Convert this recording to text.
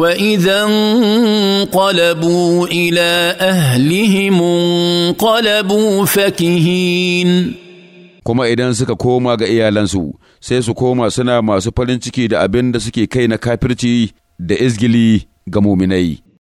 واذا انقلبوا الى اهلهم انقلبوا فكهين kuma idan suka koma ga iyalansu sai su koma suna masu farin ciki da abin da suke kai na kafirci da izgili ga muminai